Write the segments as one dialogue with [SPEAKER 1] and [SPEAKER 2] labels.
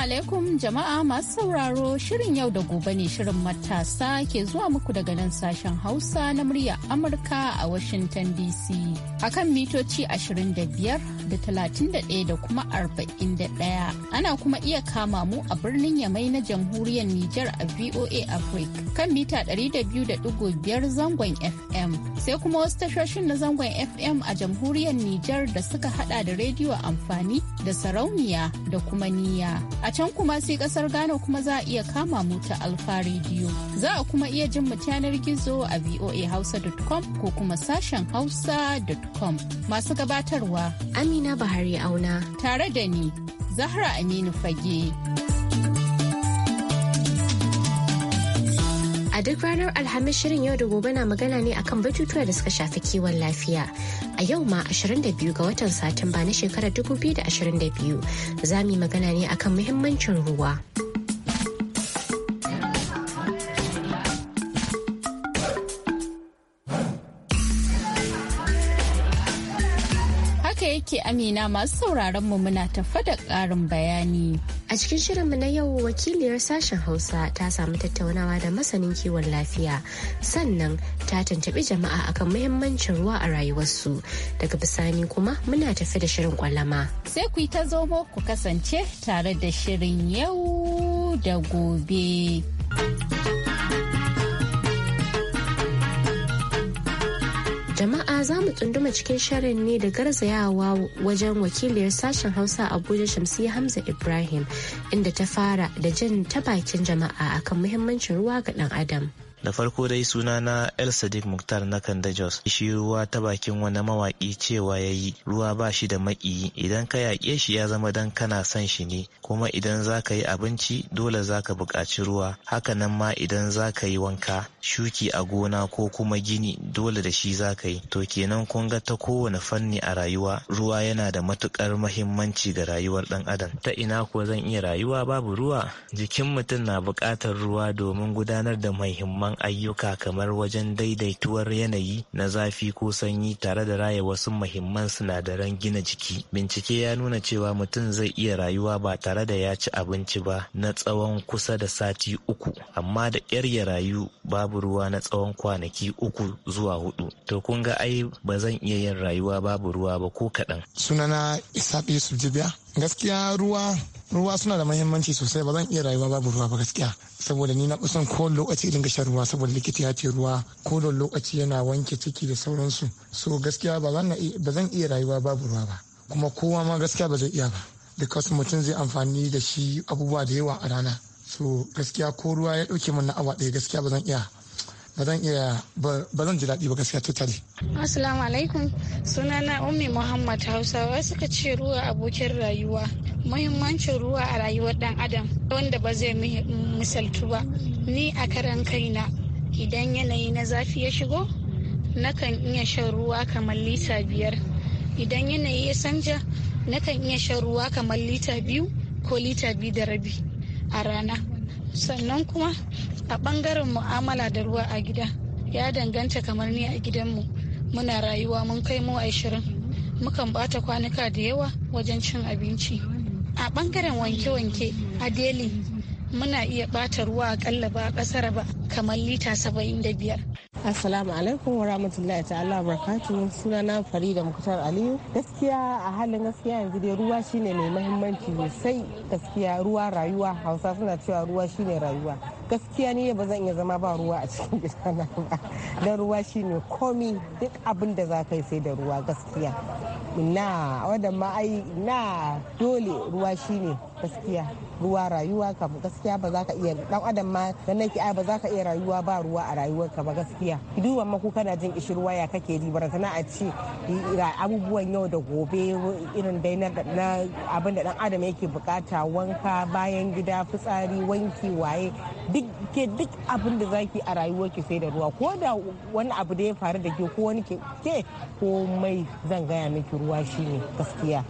[SPEAKER 1] alaikum jama'a masu sauraro shirin yau da gobe ne shirin matasa ke zuwa muku daga nan sashen Hausa na murya Amurka a Washington DC. Akan mitoci 25 da 31 da kuma 41. Ana kuma iya kama mu a birnin Yamai na jamhuriyar Nijar a VOA Africa kan mita 200.5 zangon FM. sai kuma wasu tashoshin na zangon fm a jamhuriyar Nijar da suka hada da rediyo amfani da sarauniya da kuma niya a can kuma sai kasar ghana kuma za a iya kama mu ta alfa rediyo za a kuma iya jin mu yanar gizo a voahausa.com ko kuma sashen hausa.com masu gabatarwa amina bahari auna tare da ni zahra aminu fage.
[SPEAKER 2] A duk ranar Alhamis shirin yau da gobe na magana ne akan batutuwa da suka shafi kiwon lafiya. A yau ma 22 ga watan Satumba na shekarar 2022 za mu yi magana ne akan muhimmancin ruwa.
[SPEAKER 1] yake amina masu sauraron mu muna tafa da ƙarin
[SPEAKER 2] bayani. A cikin shirin mu na yau wakiliyar sashen Hausa ta samu tattaunawa da masanin kiwon lafiya sannan ta tantabi jama'a akan muhimmancin ruwa a rayuwarsu daga bisani kuma muna tafi da shirin kwallama.
[SPEAKER 1] Sai ku ta zomo ku kasance tare da shirin yau da gobe. za mu
[SPEAKER 2] tsunduma cikin shirin ne da garzayawa wajen wakiliyar sashen hausa abuja Shamsi hamza ibrahim inda ta fara da jin ta bakin jama'a akan muhimmancin ruwa ga dan adam.
[SPEAKER 3] da farko dai suna na el sadiq muktar na kanda jos shi ruwa ta bakin wani mawaƙi cewa ya yi ruwa ba shi da maƙiyi idan ka yaƙe shi ya zama dan kana son shi ne kuma idan za ka yi abinci dole za ka buƙaci ruwa haka nan ma idan za ka yi wanka shuki a gona ko kuma gini dole da shi za ka yi to kenan kun ga ta kowane fanni a rayuwa ruwa yana da matuƙar mahimmanci ga rayuwar ɗan adam ta ina ko zan iya rayuwa babu ruwa jikin mutum na buƙatar ruwa domin gudanar da muhimman muhimman ayyuka kamar wajen daidaituwar yanayi na zafi ko sanyi tare da raya wasu muhimman sinadaran gina jiki. Bincike ya nuna cewa mutum zai iya rayuwa ba tare da ya ci abinci ba na tsawon kusa da sati uku, amma da ƙyar ya rayu babu ruwa na tsawon kwanaki uku zuwa hudu. To kun ga ai ba zan iya yin rayuwa babu ruwa ba ko kaɗan. Sunana Isaac Yusuf Jibiya gaskiya ruwa ruwa suna da mahimmanci sosai ba zan iya rayuwa babu ruwa ba gaskiya saboda ni na kusan ko lokaci dinga shan ruwa saboda likita ya ce ruwa ko da lokaci yana wanke ciki da sauransu so gaskiya ba zan iya rayuwa babu ruwa ba kuma kowa ma gaskiya ba zai iya ba because mutum zai amfani da shi abubuwa da yawa a rana so gaskiya ko ruwa ya dauke mun na awa ɗaya gaskiya ba zan iya ba zan iya ba zan ji daɗi ba gaskiya totally
[SPEAKER 1] assalamu alaikum sunana ummi muhammad hausawa suka ce ruwa abokin rayuwa muhimmancin ruwa a rayuwar ɗan adam wanda ba zai misaltu ba ni a karan kaina idan yanayi na zafi ya shigo nakan iya shan ruwa kamar lita biyar idan yanayi ya sanja nakan iya shan ruwa kamar lita biyu ko lita biyu da rabi a rana sannan kuma a ɓangaren mu'amala da ruwa a gida ya danganta kamar ni a gidanmu muna rayuwa mun kai mu ashirin mukan bata kwanuka da yawa wajen cin abinci a ɓangaren wanke-wanke a deli muna iya bata ruwa a ba a ƙasar ba kamar lita saba'in da biyar
[SPEAKER 3] Assalamu alaikum wa rahmatullahi ta'ala wa barakatuhu sunana Farida Muktar Aliyu. Gaskiya a halin gaskiya yanzu dai ruwa shine mai mahimmanci sosai gaskiya ruwa rayuwa Hausa suna cewa ruwa shine rayuwa. Gaskiya ni ba zan iya zama ba ruwa a cikin gidana ba. Dan ruwa shine komi duk abin da zaka yi sai da ruwa gaskiya. na wadan ma ai na dole ruwa shine gaskiya. ruwa rayuwa ka gaskiya ba za ka iya dan adam ma dan nake ai ba za ka iya rayuwa ba ruwa a rayuwarka ba gaskiya duban ma ku kana jin ruwa ya kake ji sana a ce abubuwan yau da gobe irin dai na abin da dan adam yake bukata wanka bayan gida fitsari wanki waye duk duk abin da zaki a ki sai da ruwa ko da wani abu da ya faru da ke ko wani ke komai zan gaya miki ruwa shine gaskiya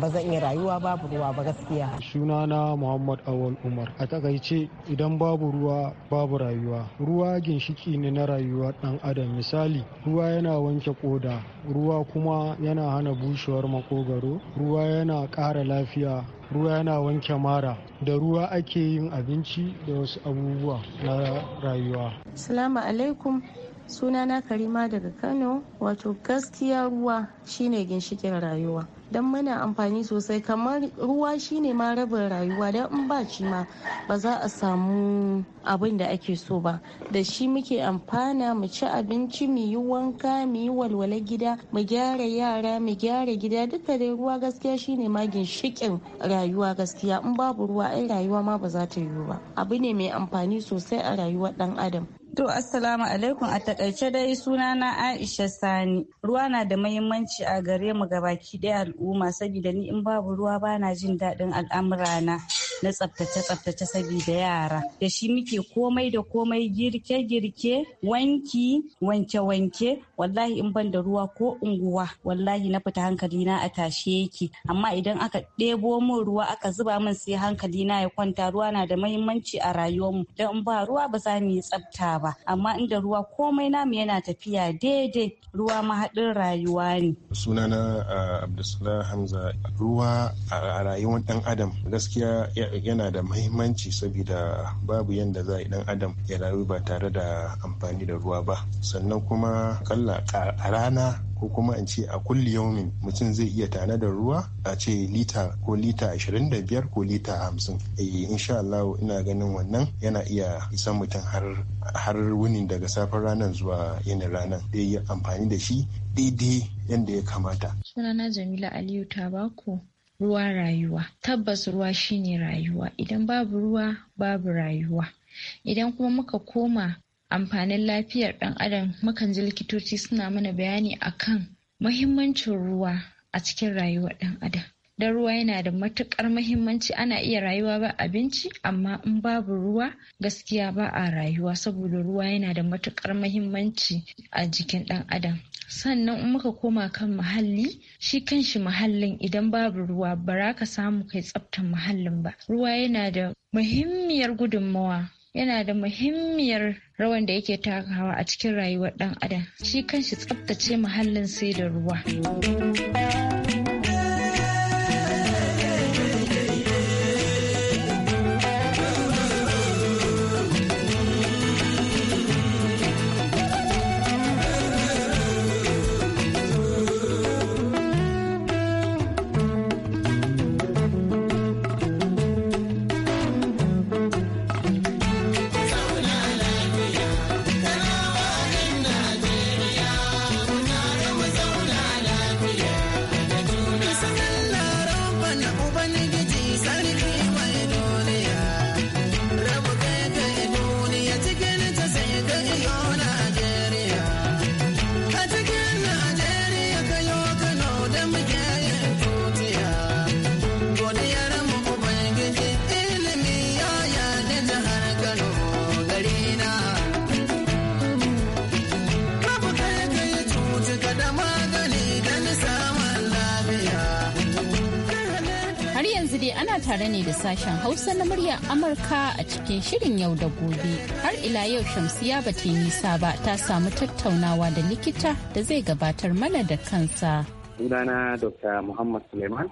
[SPEAKER 3] ba zan iya rayuwa babu ruwa ba gaskiya
[SPEAKER 4] sunana muhammad awal umar a takaice idan babu ruwa babu rayuwa ruwa ginshiki ne na rayuwar dan adam misali ruwa yana wanke koda ruwa kuma yana hana bushewar makogaro ruwa yana ƙara lafiya ruwa yana wanke mara da ruwa ake yin abinci da wasu abubuwa na rayuwa
[SPEAKER 3] salamu alaikum sunana karima daga kano wato gaskiya ruwa shine ginshikin rayuwa don muna amfani sosai kamar ruwa shine ma rabin rayuwa don in ba shi ma ba za a samu abin da ake so ba
[SPEAKER 1] da shi muke amfana mu ci abinci mu yi wanka mu yi walwale gida mu
[SPEAKER 3] gyara yara mu gyara gida duka dai ruwa gaskiya shine ma ginshikin rayuwa gaskiya in babu ruwa ai rayuwa ma ba za ta yiwu ba abu ne mai amfani sosai a rayuwar dan
[SPEAKER 1] adam To assalamu alaikum a takaice dai suna na Aisha Sani. Ruwa na da mahimmanci a gare mu ga baki ɗaya al'umma saboda ni in babu ruwa bana jin daɗin al'amurana na tsaftace tsaftace saboda yara. Da shi muke komai da komai girke girke wanki wanke wanke wallahi in ban da ruwa ko unguwa wallahi na fita hankali na a tashe yake amma idan aka ɗebo min ruwa aka zuba min sai hankali na ya kwanta ruwa na da mahimmanci a rayuwarmu don in ba ruwa ba za mu yi tsafta ba. ba amma inda ruwa komai namu yana tafiya daidai ruwa mahaɗin rayuwa ne
[SPEAKER 3] sunana ah, abdulsalam hamza ruwa a rayuwar ɗan adam gaskiya yana da mahimmanci saboda babu yadda za a yi dan adam ya rayu ba tare da amfani da ruwa ba sannan kuma kalla a rana ko kuma in ce a kulli yaumin mutum zai iya tana da ruwa a ce lita ko lita 25 ko lita 50 eh insha Allah ina ganin wannan yana iya isan mutum har har wunin daga safar ranar zuwa yin ranar da yi amfani da shi daidai yadda ya kamata
[SPEAKER 1] sunana Jamila Aliyu Tabako ruwa rayuwa tabbas ruwa shine rayuwa idan babu ruwa babu rayuwa idan kuma muka koma amfanin lafiyar ɗan adam mukan ji likitoci suna mana bayani akan mahimmancin ruwa a cikin rayuwar ɗan adam don ruwa yana da matuƙar mahimmanci ana iya rayuwa ba abinci amma in babu ruwa gaskiya ba a rayuwa saboda ruwa yana da matuƙar mahimmanci a jikin ɗan adam sannan in muka koma kan muhalli shi kanshi muhallin idan babu ruwa ba ka samu kai tsaftar muhallin ba ruwa yana da muhimmiyar gudunmawa yana da muhimmiyar rawan da yake takawa a cikin rayuwar ɗan adam shi kanshi tsabtace muhallin sai da ruwa. ne da sashen Hausa na muryar Amurka a cikin shirin yau da gobe. Har ila yau Shamsiya ba ta nisa ba ta samu tattaunawa da likita da zai gabatar mana da
[SPEAKER 5] kansa.
[SPEAKER 6] Sunana Dr. Muhammad Suleiman,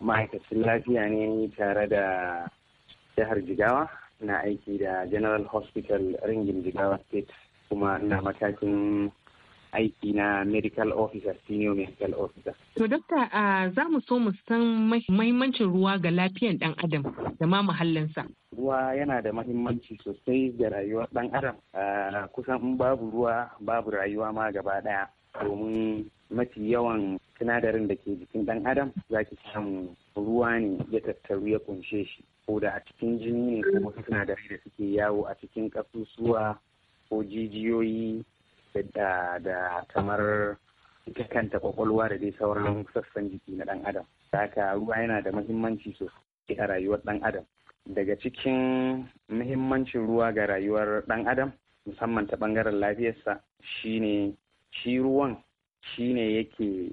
[SPEAKER 6] ma'aikacin lafiya ne tare da jihar Jigawa na aiki da General Hospital Ringin Jigawa State kuma na matakin aiki na medical officer senior medical officer.
[SPEAKER 5] To dokta za mu so mu san mahimmancin ruwa ga lafiyan dan adam da ma muhallinsa.
[SPEAKER 6] Ruwa yana da mahimmanci sosai ga rayuwar dan adam kusan in babu ruwa babu rayuwa ma gaba daya domin mafi yawan sinadarin da ke jikin dan adam za ki samu ruwa ne ya tattaru ya kunshe shi ko da a cikin jini ne kuma sinadarai da suke yawo a cikin ƙasusuwa ko jijiyoyi da kamar ita kanta kwakwalwa da dai sauran sassan jiki na dan adam haka ruwa yana da muhimmanci sosai a rayuwar dan adam daga cikin mahimmancin ruwa ga rayuwar dan adam musamman ta bangaren lafiyarsa shine shi ruwan shine yake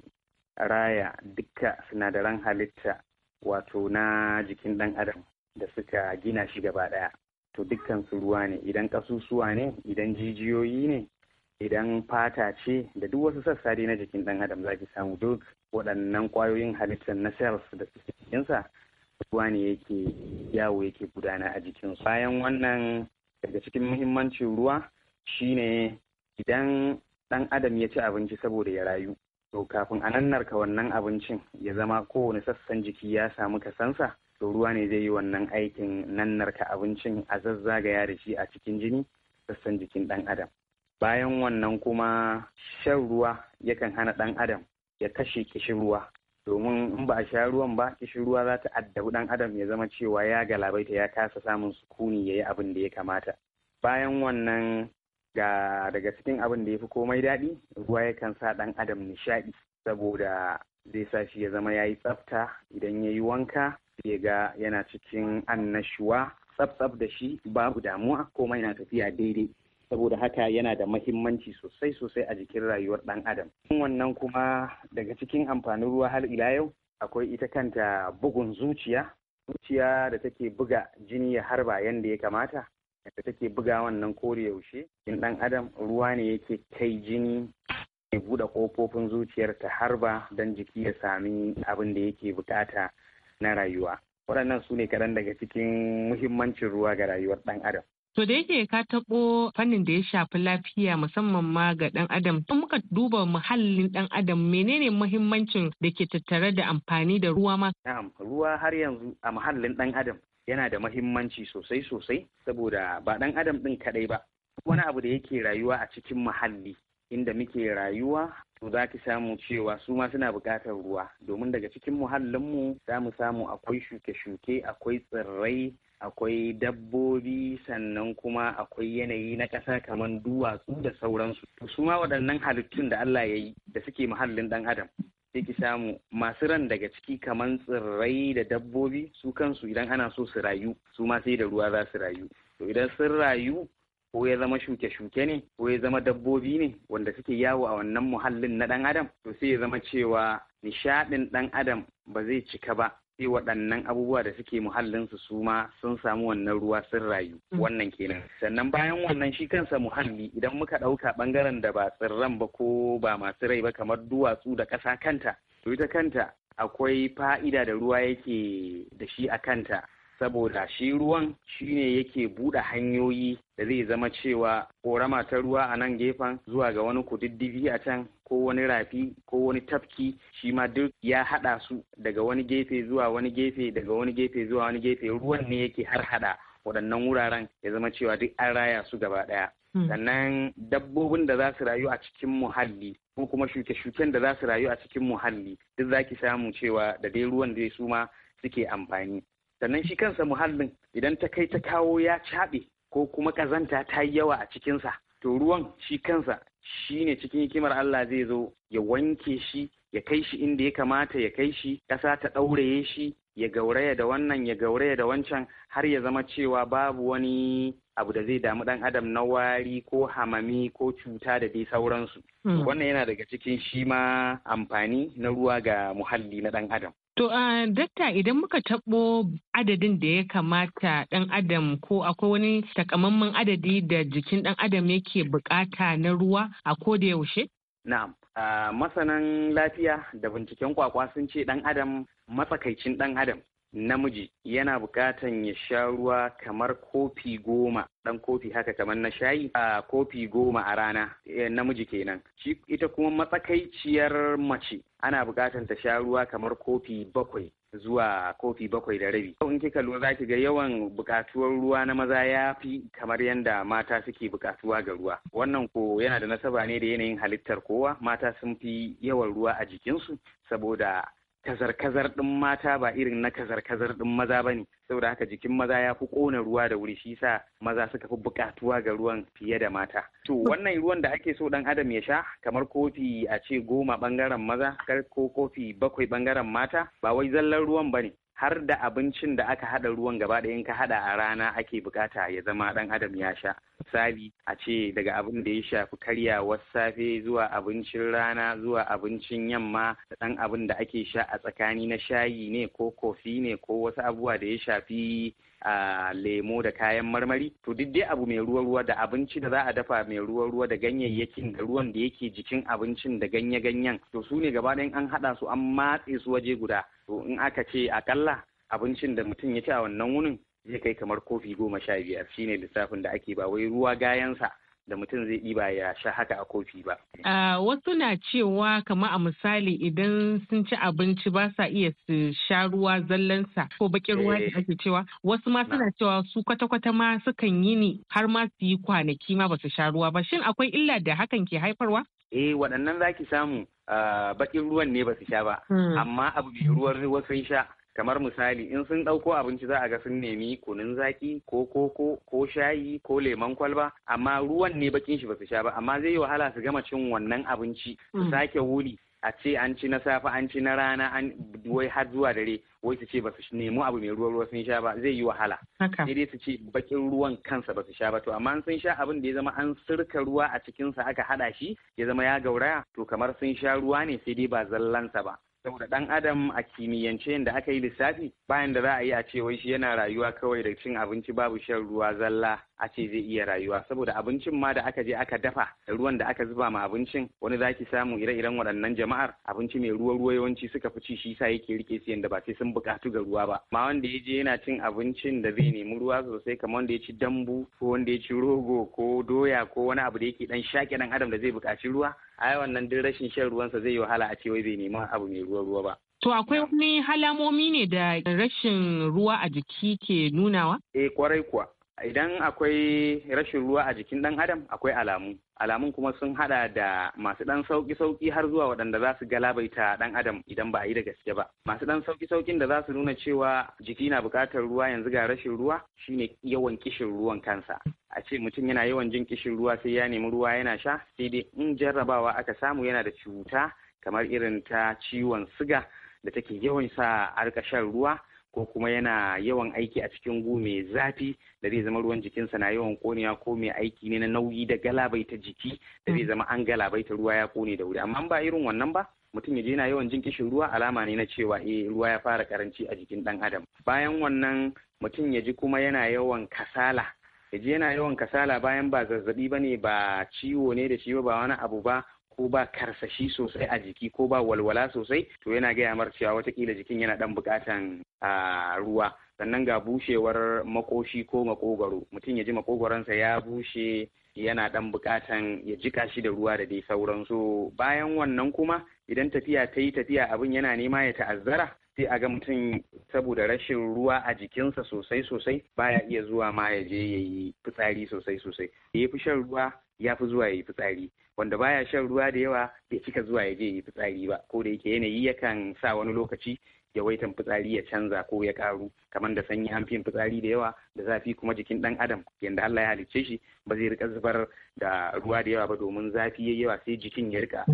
[SPEAKER 6] raya duka sinadaran halitta wato na jikin dan adam da suka gina shi gaba daya to dukkan su ruwa ne idan kasusuwa ne idan jijiyoyi ne idan fata ce da duk wasu sassa dai na jikin dan adam zaki samu duk waɗannan ƙwayoyin halittar na cells da suke jikinsa ruwa ne yake yawo yake gudana a jikinsu bayan wannan daga cikin muhimmancin ruwa shine idan dan adam ya ci abinci saboda ya rayu to kafin a nannarka wannan abincin ya zama kowane sassan jiki ya samu kasansa to ruwa ne zai yi wannan aikin nannarka abincin a zazzagaya da shi a cikin jini sassan jikin dan adam bayan wannan kuma shan ruwa yakan hana ɗan adam ya kashe kishin ruwa domin in ba a sha ruwan ba kishin ruwa za ta addabi ɗan adam ya zama cewa ya galabaita ya kasa samun sukuni ya yi abin da ya kamata bayan wannan ga daga cikin abin da ya fi komai daɗi ruwa yakan sa ɗan adam nishaɗi saboda zai sa shi ya zama ya yi tsafta idan ya yi wanka zai ga yana cikin annashuwa tsaf da shi babu damuwa komai na tafiya daidai saboda haka yana da mahimmanci sosai sosai a jikin rayuwar ɗan adam wannan kuma daga cikin amfanin ruwa har ila yau akwai ita kanta bugun zuciya zuciya da take buga jini ya harba yadda ya kamata da take buga wannan kore yaushe in ɗan adam ruwa ne yake kai jini ya buɗe ƙofofin zuciyar ta harba don jiki ya sami abin da yake bukata na rayuwa waɗannan su ne kaɗan daga cikin muhimmancin ruwa ga rayuwar ɗan adam
[SPEAKER 5] To da yake ka taɓo fannin da ya shafi lafiya musamman ma ga ɗan adam. In muka duba muhallin ɗan adam menene muhimmancin da ke tattare da amfani da ruwa ma?
[SPEAKER 6] Na'am, ruwa har yanzu a muhallin ɗan adam yana da muhimmanci sosai sosai saboda ba ɗan adam ɗin kaɗai ba. Wani abu da yake rayuwa a cikin muhalli inda muke rayuwa to za ki samu cewa su ma suna buƙatar ruwa domin daga cikin muhallinmu za mu samu akwai shuke-shuke akwai tsirrai akwai dabbobi sannan kuma akwai yanayi na ƙasa kamar duwatsu da sauransu To su ma waɗannan halittun da Allah ya yi da suke muhallin ɗan adam sai ki samu masu ran daga ciki kamar tsirrai da dabbobi su kansu idan ana so su rayu su ma sai da ruwa za su rayu to idan sun rayu ko ya zama shuke-shuke ne ko ya zama dabbobi ne wanda suke yawo a wannan muhallin na ɗan adam to sai ya zama cewa nishaɗin ɗan adam ba zai cika ba sai waɗannan abubuwa da suke muhallinsu su ma sun samu wannan ruwa sun rayu mm. wannan kenan sannan bayan wannan shi kansa muhalli idan muka ɗauka ɓangaren da ba tsirran ba ko ba masu rai ba kamar duwatsu da ƙasa kanta to ita kanta akwai fa'ida da ruwa yake da shi a kanta saboda shi ruwan shine yake buɗe hanyoyi da zai zama cewa ƙorama ta ruwa a nan gefen zuwa ga wani kududdufi a can ko wani rafi ko wani tafki shi ma duk ya haɗa su daga wani gefe zuwa wani gefe daga wani gefe zuwa wani gefe ruwan ne yake har haɗa waɗannan wuraren ya zama cewa duk an raya su gaba ɗaya hmm. sannan dabbobin da za su rayu a cikin muhalli ko kuma shuke-shuken da za su rayu a cikin muhalli duk za ki samu cewa da dai ruwan dai su ma suke amfani sannan shi kansa muhallin idan ta kai ta kawo ya caɓe ko kuma ƙazanta ta yi yawa a cikinsa to ruwan shi kansa shi ne cikin hikimar Allah zai zo ya wanke shi ya kai shi inda ya kamata ya kai shi ƙasa ta ɗauraye shi ya gauraya da wannan ya gauraya da wancan har ya zama cewa babu wani abu da zai damu ɗan adam na wari ko hamami ko cuta da dai sauransu hmm. wannan yana daga cikin shi ma amfani na ruwa ga muhalli na ɗan adam
[SPEAKER 5] To, a dakta idan muka taɓo adadin da ya kamata ɗan adam ko akwai wani takamaiman adadi da jikin ɗan adam yake bukata na ruwa a da yaushe?
[SPEAKER 6] Na'am, masanan lafiya da binciken kwakwa sun ce ɗan adam matsakaicin ɗan adam namiji yana bukatan ya sha ruwa kamar kofi goma dan kofi haka kamar na shayi a kofi goma a rana eh, namiji kenan ita kuma matsakaiciyar mace ana buƙatan ta sha ruwa kamar kofi bakwai zuwa kofi bakwai da rabi. Yau In kika lura za ki ga yawan bukatuwar ruwa na maza ya fi kamar yadda mata suke bukatuwa ga ruwa. Wannan ko yana da nasaba ne da yanayin halittar kowa mata sun fi yawan ruwa a jikinsu saboda kazar-kazar ɗin mata ba irin na kazar-kazar ɗin maza ba ne saboda haka jikin maza ya fi ƙona ruwa da wuri shi sa maza suka fi buƙatuwa ga ruwan fiye da mata to wannan ruwan da ake so ɗan adam ya sha kamar kofi a ce goma ɓangaren maza ko kofi bakwai ɓangaren mata ba wai zallan ruwan ba ne har da abincin da aka hada ruwan gaba ɗaya in ka hada a rana ake bukata ya zama dan adam ya sha misali a ce daga abin da ya shafi karya wasu safe zuwa abincin rana zuwa abincin yamma da dan abin da ake sha a tsakani na shayi ne ko kofi ne ko wasu abubuwa da ya shafi a lemo da kayan marmari to duk dai abu mai ruwa-ruwa da abinci da za a dafa mai ruwan ruwa da ganyayyakin da ruwan da yake jikin abincin da ganye-ganyen to su ne gaba an haɗa su an matse su waje guda to in aka ce akalla abincin da mutum ya ci a wannan wunin zai kai kamar kofi goma sha biyar shine lissafin da ake ba wai ruwa gayansa da mutum zai ɗiba ya sha haka a kofi ba.
[SPEAKER 5] A wasu na cewa kama a misali idan sun ci abinci ba sa iya su sha ruwa zallansa ko baƙin ruwa da eh. ake cewa wasu ma suna cewa su kwata-kwata ma sukan yi ni har ma su yi kwanaki ma ba su sha ruwa ba shin akwai illa da hakan ke haifarwa?
[SPEAKER 6] Eh waɗannan zaki samu baƙin ruwan ne ba su sha ba hmm. amma abu mai ruwan ruwa sun sha kamar misali in sun ɗauko abinci za a ga sun nemi kunun zaki ko koko ko shayi ko lemon kwalba amma ruwan ne bakin shi ba su sha ba amma zai yi wahala su gama cin wannan abinci su mm. sake wuri a ce an ci na safe an ci na rana an wai har zuwa dare wai su ce ba su nemi abu mai ruwa ruwa sun sha ba zai yi wahala sai dai su ce bakin ruwan kansa ba su sha ba to amma sun sha abin da ya zama an sirka ruwa a cikinsa aka hada shi ya zama ya gauraya to kamar sun sha ruwa ne sai dai ba zallansa ba saboda dan adam a kimiyyance yadda aka yi lissafi bayan da za a yi a ce wai shi yana rayuwa kawai da cin abinci babu shan ruwa zalla a ce zai iya rayuwa saboda abincin ma da aka je aka dafa da ruwan da aka zuba ma abincin wani zaki samu ire-iren waɗannan jama'ar abinci mai ruwa ruwa yawanci suka fi ci shi sa yake rike siyan da ba sai sun buƙatu ga ruwa ba ma wanda ya je yana cin abincin da zai nemi ruwa sosai kamar wanda ya ci dambu ko wanda ya ci rogo ko doya ko wani abu da yake dan shaƙe dan adam da zai buƙaci ruwa ai wannan duk rashin shan ruwan sa zai yi wahala a ce wai bai nemi abu mai ruwa ruwa ba
[SPEAKER 5] To akwai wani halamomi ne da rashin ruwa a jiki ke nunawa?
[SPEAKER 6] Eh kwarai kuwa. idan akwai rashin ruwa a jikin ɗan adam akwai alamu alamun kuma sun hada da masu ɗan sauƙi sauki har zuwa waɗanda za su galabaita ɗan adam idan ba a yi da gaske ba masu ɗan sauki saukin da za su nuna cewa jiki na buƙatar ruwa yanzu ga rashin ruwa shine yawan kishin ruwan kansa a ce mutum yana yawan jin kishin ruwa sai ya nemi ruwa yana sha sai dai in jarrabawa aka samu yana da cuta kamar irin ta ciwon siga da take yawan sa a shan ruwa ko kuma yana yawan aiki a cikin gu mai zafi da zai zama ruwan jikinsa na yawan konewa ko mai aiki ne na nauyi da galabaita jiki da zai mm. zama an galabaita ruwa ya kone da wuri amma ba irin wannan ba mutum ya je yana yawan jin kishin ruwa alama ne na cewa eh ruwa ya fara karanci a jikin dan adam bayan wannan mutum ya ji kuma yana yawan kasala ya ji yana yawan kasala bayan ba zazzabi ba ne ba ciwo ne da shi ba wani abu ba ko ba karsashi sosai a jiki ko ba walwala sosai to yana gaya mar cewa watakila jikin yana dan bukatan ruwa sannan ga bushewar makoshi ko makogaro mutum ya ji makogoronsa ya bushe yana dan bukatan ya jika shi da ruwa da dai sauran sauransu bayan wannan kuma idan tafiya ta yi tafiya abin yana nema ya ta'azzara sai a ga mutum saboda rashin ruwa a jikinsa sosai sosai baya iya zuwa ma ya je ya yi fitsari sosai sosai ya fi shan ruwa ya fi zuwa ya yi fitsari wanda baya shan ruwa da yawa bai cika zuwa ya je yi fitsari ba ko da yake yanayi yakan sa wani lokaci yawaitar fitsari ya canza ko ya karu kamar da sanyi an fi fitsari da yawa da zafi kuma jikin dan adam yanda Allah ya halicce shi ba zai rika zubar da ruwa da yawa ba domin zafi yayi yawa sai jikin ya rika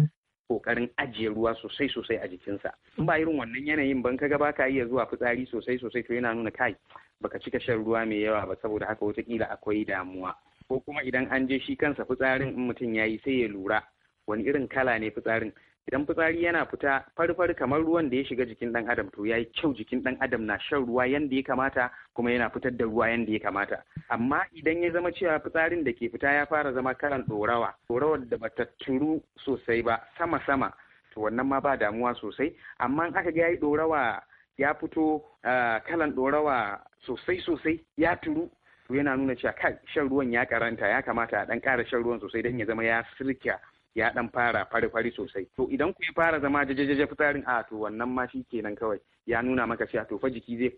[SPEAKER 6] kokarin ajiye ruwa sosai sosai a jikinsa in ba irin wannan yanayin ban kaga baka iya zuwa fitsari sosai sosai to yana nuna kai baka cika shan ruwa mai yawa ba saboda haka watakila akwai damuwa ko kuma idan an je shi kansa fitsarin in mutum ya yi sai ya lura wani irin kala ne fitsarin idan fitsari yana fita farfar kamar ruwan da ya shiga jikin dan adam to ya yi kyau jikin dan adam na shan ruwa yanda ya kamata kuma yana fitar da ruwa yanda ya kamata amma idan ya zama cewa fitsarin da ke fita ya fara zama karan dorawa dorawar da bata turu sosai ba sama sama to wannan ma ba damuwa sosai amma in aka ga yi dorawa ya fito ah, kalan dorawa sosai sosai ya turu to yana nuna cewa kai shan ruwan ya karanta ya kamata a dan ƙara shan ruwan sosai don ya zama ya sirka ya dan fara fari-fari sosai to idan ku ya fara zama jajajaja fitarin a to wannan ma shi kenan kawai ya nuna maka cewa to fa jiki zai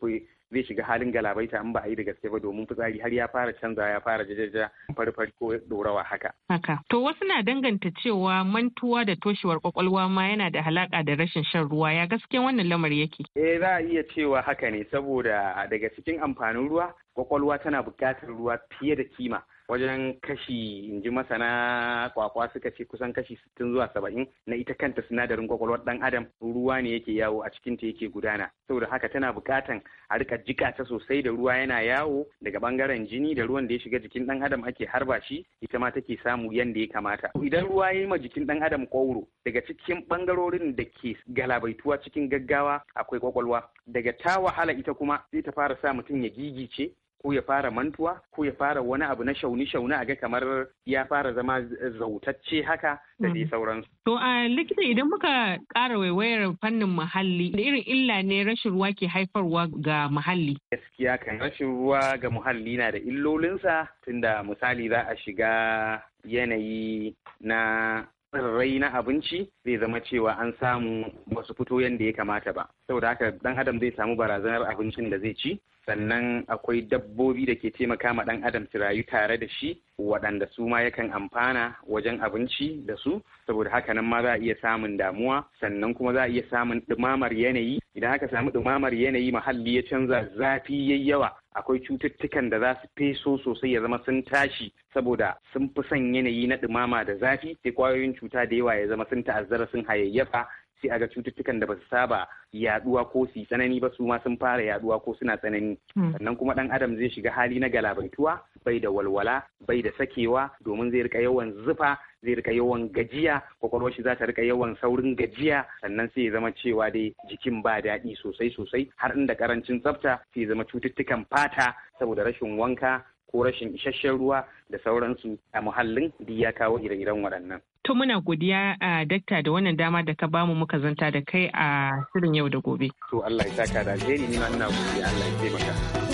[SPEAKER 6] zai shiga halin galabaita in ba a yi da gaske ba domin fitsari har ya fara canza ya fara jajaja farfari ko dorawa haka. Haka.
[SPEAKER 5] To wasu na danganta cewa mantuwa da toshewar kwakwalwa ma yana da halaka da rashin shan ruwa ya gaske wannan lamari yake.
[SPEAKER 6] Eh za a iya cewa haka ne saboda daga cikin amfanin ruwa kwakwalwa tana buƙatar ruwa fiye da kima. wajen kashi in ji masana kwakwa suka ce kusan kashi 60 zuwa 70 na ita kanta sinadarin kwakwalwar dan adam ruwa ne yake yawo a cikin ta yake gudana saboda haka tana bukatan a rika jika ta sosai da ruwa yana yawo daga bangaren jini da ruwan da ya shiga jikin dan adam ake harba shi ita ma take samu yanda ya kamata idan ruwa ya yi ma jikin dan adam kwauro daga cikin bangarorin da ke galabaituwa cikin gaggawa akwai kwakwalwa daga ta wahala ita kuma sai ta fara sa mutum ya gigice ko ya fara mantuwa ko ya fara wani abu na shauni-shauni a ga kamar ya fara zama zautacce haka da dai mm. sauransu.
[SPEAKER 5] To a likita idan muka ƙara waiwayar fannin muhalli da irin illa ne rashin ruwa ke haifarwa ga muhalli.
[SPEAKER 6] Gaskiya kan rashin ruwa ga muhalli na da illolinsa tunda misali za a shiga yanayi na tsirrai na abinci zai zama cewa an samu ba fito yadda ya kamata ba. saboda haka dan adam zai samu barazanar abincin da zai ci sannan akwai dabbobi da ke taimaka ma dan adam su rayu tare da shi waɗanda su ma yakan amfana wajen abinci da su saboda haka nan ma za a iya samun damuwa sannan kuma za a iya samun ɗumamar yanayi idan aka samu ɗumamar yanayi muhalli ya canza zafi yayi yawa akwai cututtukan da za su feso sosai ya zama sun tashi saboda sun fi son yanayi na ɗumama da zafi sai kwayoyin cuta da yawa ya zama sun ta'azzara sun hayayyafa sai a ga cututtukan da ba su saba yaduwa ko su tsanani ba su ma sun fara yaduwa ko suna tsanani hmm. sannan kuma dan adam zai shiga hali na galabaituwa bai da walwala bai da sakewa domin zai rika yawan zufa zai rika yawan gajiya kwakwalwar shi za ta rika yawan saurin gajiya sannan sai ya zama cewa dai jikin ba daɗi sosai sosai har inda karancin tsafta sai ya zama cututtukan fata saboda rashin wanka ko rashin isasshen ruwa da sauransu a muhallin duk ya kawo ire-iren waɗannan.
[SPEAKER 5] To muna godiya a dakta da wannan dama da ka bamu muka zanta da kai a shirin yau da gobe.
[SPEAKER 6] To Allah ya saka da alheri ni ma ina godiya Allah ya taimaka.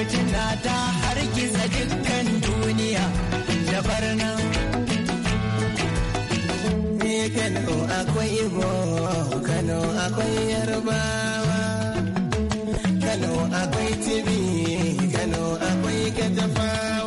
[SPEAKER 2] fitina ta hargiza dukkan
[SPEAKER 3] duniya da barna. Ni Kano akwai Igbo, Kano akwai Yarbawa, Kano akwai Tibi, Kano akwai Katafawa.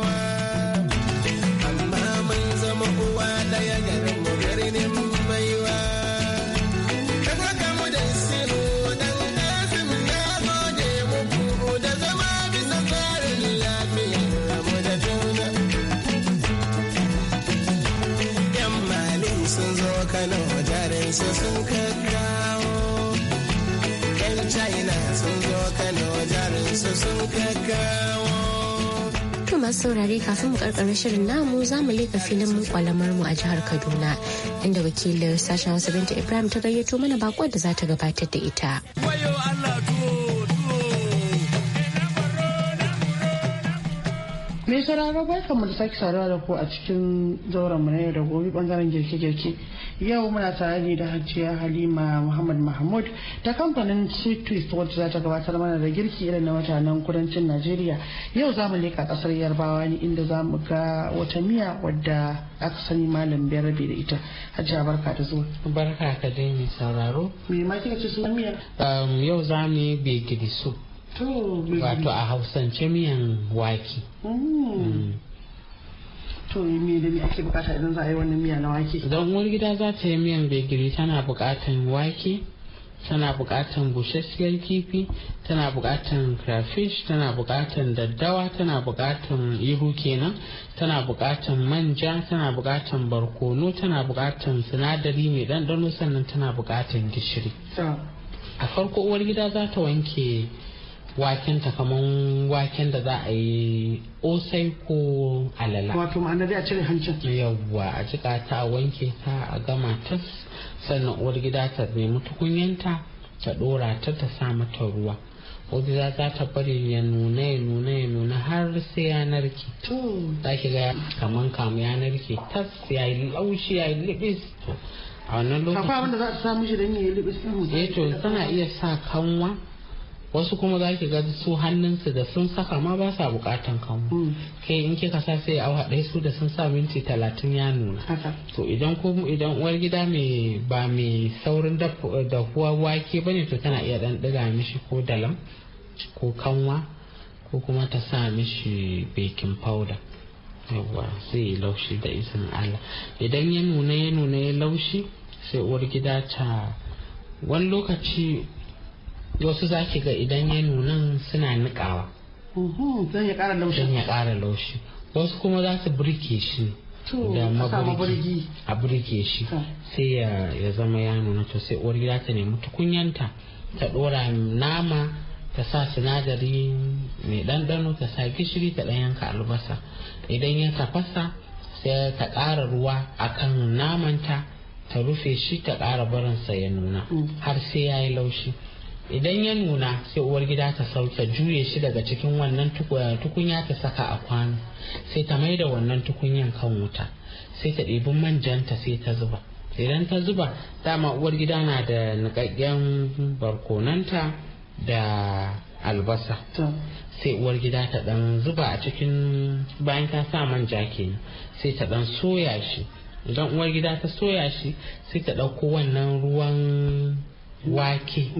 [SPEAKER 3] masu
[SPEAKER 2] saurari kafin mu karkare shirin namu za mu leka filin mu kwalamar mu a jihar Kaduna inda wakilin sashen Hausa Binta Ibrahim ta gayyato mana bakon da za ta gabatar da ita.
[SPEAKER 4] Mai sauraro bai da sake saurara da ku a cikin zauren mu na yau da gobe bangaren girke-girke. yau muna tare da hajiya halima muhammad mahmud ta kamfanin sweet wadda za ta gabatar mana da girki irin na mutanen kudancin najeriya yau za mu leka kasar yarbawa ne inda za mu ga wata miya wadda aka sani malam biyar rabe da ita hajiya barka da zuwa barka ka dai mai sauraro me ma kika ce sunan miya um, yau za mu yi begidi su wato a hausance miyan waki. Mm. Mm. to za uwar gida za ta yi miyan bekiri tana bukatan wake tana bukatan busasshiyar kifi tana bukatan crayfish tana bukatan daddawa tana bukatan ihu kenan tana bukatan manja tana bukatan barkono tana bukatan sinadari mai ɗanɗano sannan tana bukatan gishiri a farko uwar gida za ta wanke Waken ta kaman waken da za a yi osai ko alala wato ma'ana dai a cire hancin yawwa a jika ta wanke ta a gama ta sannan uwar gida ta nemi tukunyanta ta dora ta ta sa mata ruwa wadda za ta bari ya nuna ya nuna ya nuna har sai ya narke za ki ga kaman kamu ya narke tas ya yi laushi ya yi libis a wannan lokacin Kafa abin da za ta sa mishi don ya yi libis ɗin eh to tana iya sa kanwa wasu kuma za ki ga su hannunsu da sun saka ma ba sa bukatan kanmu hmm. kai in kika sa sai a haɗe su da sun sa minti talatin ya nuna to idan ko idan uwar gida mai ba mai saurin da huwa wake bane to tana iya dan diga mishi ko dalam ko kanwa ko kuma ta sa mishi baking powder yawwa sai laushi da izinin Allah idan ya nuna ya nuna ya laushi sai uwar gida ta wani lokaci wasu za ga idan ya nunan suna nikawa don ya ƙara laushi don ya ƙara laushi wasu kuma za su burke shi da maburgi a burke shi sai ya zama ya nuna to sai uwar gida ta nemi tukunyanta ta ɗora nama ta sa sinadari mai ɗanɗano ta sa gishiri ta ɗan yanka albasa idan ya tafasa sai ta ƙara ruwa a kan namanta ta rufe shi ta ƙara barinsa ya nuna mm. har sai ya yi laushi idan ya nuna sai uwar gida ta sauke juye shi daga cikin wannan tukunya ta saka a kwano sai ta maida wannan tukunyan kan wuta sai ta ɗebi manjanta sai ta zuba idan ta zuba dama uwar gida na da niƙaƙƙen barkonanta da albasa sai uwar gida ta dan zuba a cikin bayan ta sa manja kenan sai ta dan soya shi idan uwar gida ta soya shi sai ta ɗauko wannan ruwan wake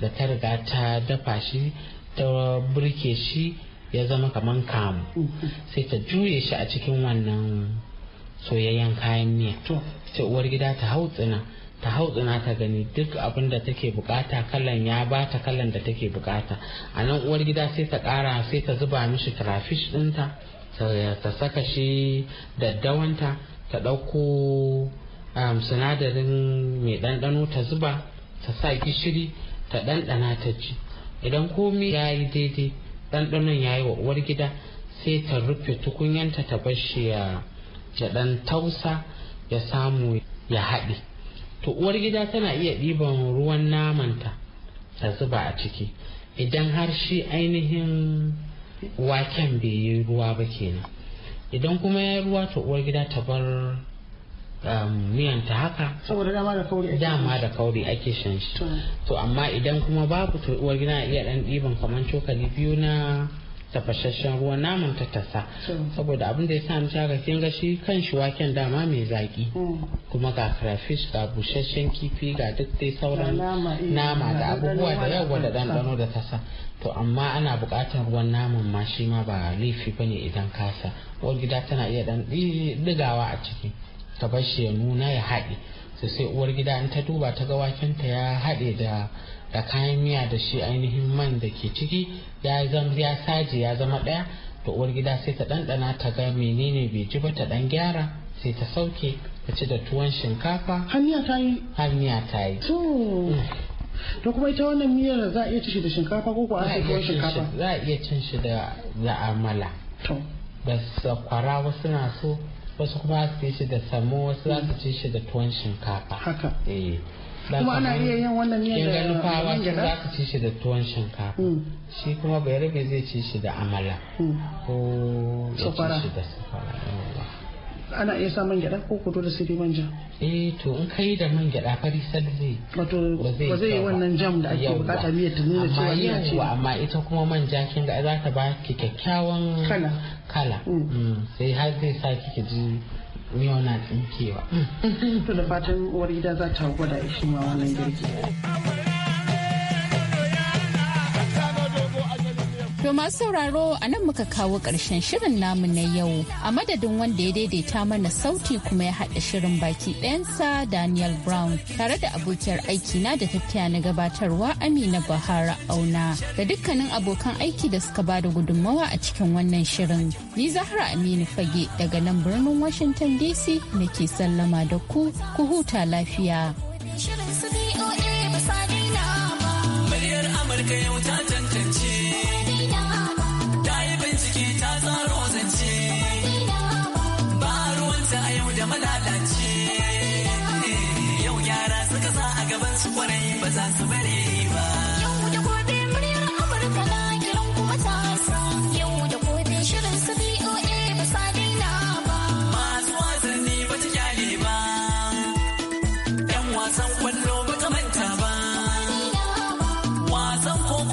[SPEAKER 4] da ta riga ta dafa shi ta burke shi ya zama kaman kamu sai ta juye shi a cikin wannan soyayyen kayan miya sai uwar gida ta hautsina ta hau tsina ta gani duk abin da take bukata kalan ya ba ta kalan da take bukata a nan uwar gida sai ta kara sai ta zuba mishi trafish dinta ta saka shi daddawanta ta ɗauko um, sinadarin mai ɗanɗano ta zuba ta sa gishiri ta ɗanɗana ta ci idan komi ya yi daidai ɗanɗanon ya yi wa uwar gida sai ta rufe tukunyanta ta bar shi ya ɗan tausa ya samu ya haɗe to uwar gida tana iya ɗiban ruwan namanta ta zuba a ciki idan har shi ainihin waken bai yi ruwa ba kenan idan kuma ya yi ruwa ta uwar gida ta bar Um, miyan haka saboda dama da kauri ake shan shi to amma idan kuma babu to uwar gida iya dan ɗiban kamar cokali biyu na tafashashen ruwan naman ta tasa saboda abin da ya sa mace kin ga shi kan shi waken dama mai zaki hmm. kuma ga krafish ga busasshen kifi ga duk dai sauran nama eh, da abubuwa da yawa da dandano da tasa to amma ana bukatar ruwan naman ma shi ma ba laifi bane idan kasa uwar gida tana iya dan digawa a ciki ta bar shi ya nuna ya haɗe sai sai uwar gida in ta duba ta ga wakenta ya haɗe da da kayan miya da shi ainihin man da ke ciki ya zama ya saje ya zama ɗaya to uwar gida sai ta ɗanɗana ta ga menene bai ji ba ta ɗan gyara sai ta sauke ta ci da tuwon shinkafa hanya ta yi hanya ta yi to kuma ita wannan miyar za a iya ci da shinkafa ko ko a tuwon shinkafa za a iya cin shi da amala to da sakwara wasu na so wasu kuma su ci shi da samu wasu za su ci shi da tuwon shinkafa haka eh kuma ana iya yin
[SPEAKER 6] wannan ne da nufawa su za
[SPEAKER 4] su ci shi da tuwon shinkafa mm. shi kuma bayarabe zai ci shi da amala mm. ko ya ci shi da safara ana iya sa man gyada ko ku dole sai manja eh to in kai da man gyada fari sal zai wato ba zai wannan jam da ake bukata miyar ta nuna cewa ya ce amma ita kuma manja kin ga za ta ba ki kyakkyawan kala kala mm. Mm. sai har zai sa ki ji miya na tsinkewa to da fatan wari gida za ta gwada shi ma wannan girki
[SPEAKER 1] To masu sauraro a nan muka kawo ƙarshen shirin namu na yau a madadin wanda ya daidaita mana sauti kuma ya haɗa shirin baki ɗayansa Daniel Brown tare da abokiyar aiki na da tattaya na gabatarwa Amina Bahara Auna da dukkanin abokan aiki da suka ba da gudunmawa a cikin wannan shirin. Ni Zahra Aminu Fage daga nan birnin Washington DC nake sallama da ku ku huta lafiya.
[SPEAKER 2] Shirin su ba. Amurka yau ta